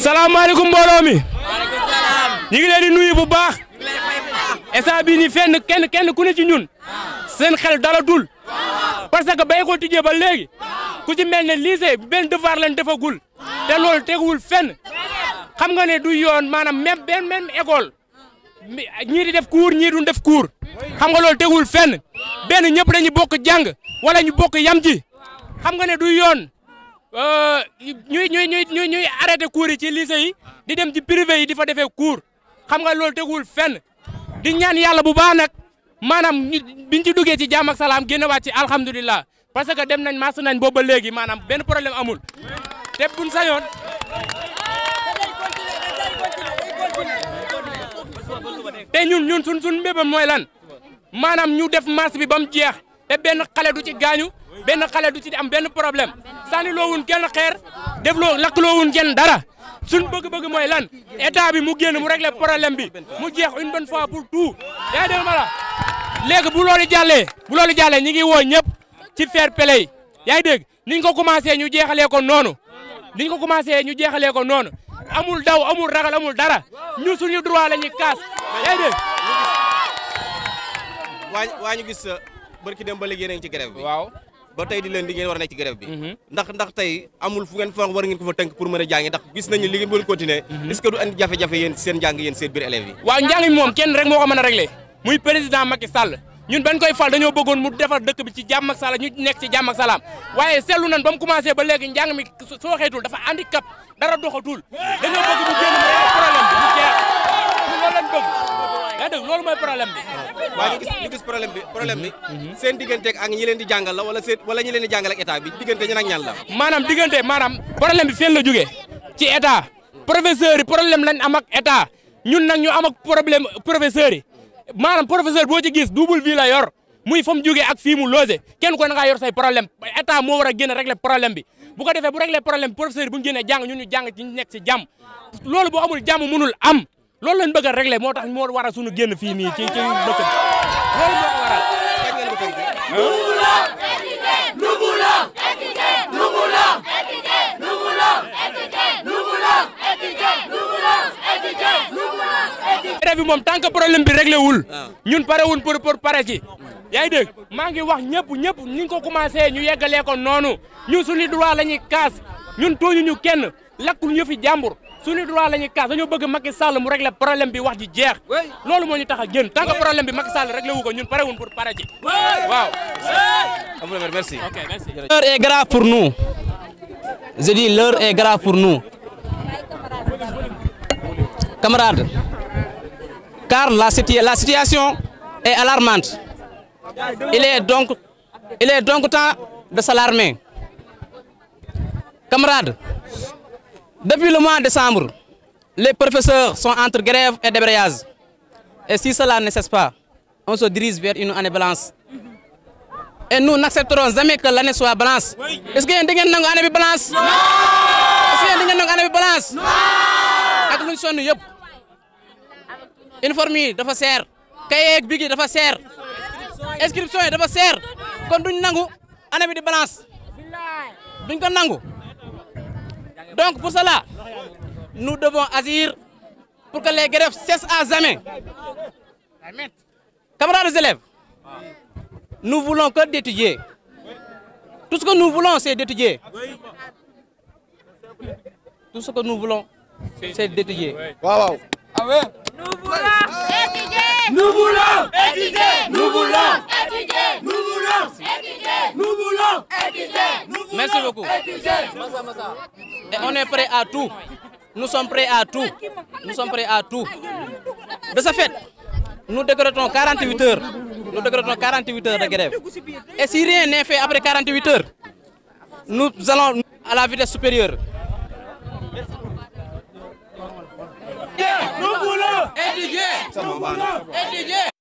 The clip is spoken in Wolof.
salaamaaleykum mbooloo mi. ñu ngi leen di nuyu bu baax. instant bii nii fenn kenn kenn ku ne ci ñun. seen xel dara dul. parce que bay ko tijjee ba léegi. ku ci mel ne liise benn devoir leen defagul. te loolu teguwul fenn. xam nga ne du yoon maanaam même benn même école. ñii def cours ñii duñ def cours. xam nga loolu teguwul fenn. benn ñëpp dañuy bokk jàng. wala ñu bokk yam ji. xam nga ne du yoon. Euh, ñuy ñuy ñuy ñuy arrêté cours yi ci lycée yi di dem ci privé yi di fa defee cours xam nga loolu teguwul fenn di ñaan yàlla bu baax nag maanaam biñ ci duggee ci jàmm ak salaam génnewaat ci alhamdulilah parce que dem nañ mas nañ booba léegi maanaam benn problème amul te buñ sañoon. te ñun ñun sun sun mbébam mooy lan maanaam ñu def marche bi ba mu te benn xale du ci gaañu. ben xalé du ci am ben problème sani lo wun kenn xeer def lo lak lo wun kenn dara suñ bëgg-bëgg moy lan état bi mu génn mu régler problème bi mu jeex une bonne fois pour tout yaa dégg mala légui bu loolu jallé bu loolu jallé ñi ngi wo ñëpp ci fair play yaay ngi dégg niñ ko commencé ñu jéxalé ko nonu niñ ko commencé ñu jéxalé ko nonu amul daw amul ragal amul dara ñu suñu droit la kaas yaay ngi dégg waa gis barki dem ba léegi yéen ci grève bi waaw ba tey di leen di ngeen war a nekk ci bi mhm. ndax ndax tey amul fu ngeen foog war ngeen ko fa tënk pour mën a jàngi ndax gis nañu li ngeen bu continuer mhm. est-ce que du andi jafe-jafe yéen seen njàng yéen seen biir élèves yi waaw njàng moom kenn rek moo ko mën a régler muy président Macky Sall ñun bañ koy fal dañoo bëggoon mu defar dëkk bi ci jàmm ak salaam nekk ci jàmm ak salaam waaye seetlu nañ ba mu ba léegi njàng mi sooxeetul dafa handicap dara doxatul dañoo bëgg mu génn mooy problème bi waaw ñu gis ñu problème bi problème bi mhm. Mhm. seen diggante ak ñi leen di jàngal la wala seen wala ñi leen di jàngal ak bi diggante ñan ak ñan la maanaam bi fenn la jógee ci état professeur yi problème lañ am ak état ñun nag ñu am ak problème professeur yi professeur boo ci gis double vie la yor muy fa mu jógee ak fii mu logé kenn ko na ngaa yor say problème état moo war a génn régler problème bi bu ko defee bu régler problème professeur yi bu ñu génnee jàng ñun ñu jàng ci nekk si jàmm loolu boo amul jàmm mënul am loolu lañ bëgg régler moo tax moo waral suñu genn fi ni ci ci dëkk bi loolu moo ko waral. grève bi moom tant que problème bi réglé wul ñun pare wun pour pour pare ci yaa ngi dégg maa ngi wax ñëpp ñëpp ni nga ko commencé ñu yeggalee ko noonu ñun suñu droit la ñuy kaas ñun tooñuñu kenn lakkul ñu fi jàmbur suñu droit lañu ñuy kaas dañoo bëgg Macky Sall mu régler problème bi wax ji jeex lolu moñu taxa gën tant que problème bi Macky Sall réglé wu ko ñun paré wuñ pour paré ji waaw. merci. ok merci. l'heure est grave pour nous je dis l'heure est grave pour nous camarades car la la situation est alarmante il est donc il est donc temps de s'alarmer camarades depuis le mois de décembre, les professeurs sont entre grève et débrayage. Et si cela ne cesse pas, on se dirige vers une année balance. Et nous n'accepterons jamais que l'année soit balance. Est-ce qu'il y a une année balance Non Est-ce qu'il y a une année balance Non La condition est yëpp uniforme yi dafa cahier ak bic inscription de dafa Quand kon duñ nangu année bi di balance duñ ko nangu donc pour cela, nous devons agir pour que les grèves cessent à jamais. Camarades élèves, nous voulons que d'étudier. Tout ce que nous voulons, c'est d'étudier. Tout ce que nous voulons, c'est d'étudier. waouh. Ah nous voulons étudier. Nous voulons étudier. Nous voulons étudier. Nous voulons étudier. Nous voulons étudier. Merci beaucoup. Et on est prêt à tout. Nous sommes prêts à tout. Nous sommes prêts à tout. De ce fait, nous décrétons 48 heures. Nous décrétons 48 heures de grève. Et si rien n'est fait après 48 heures, nous allons à la vitesse supérieure. Nous Nous voulons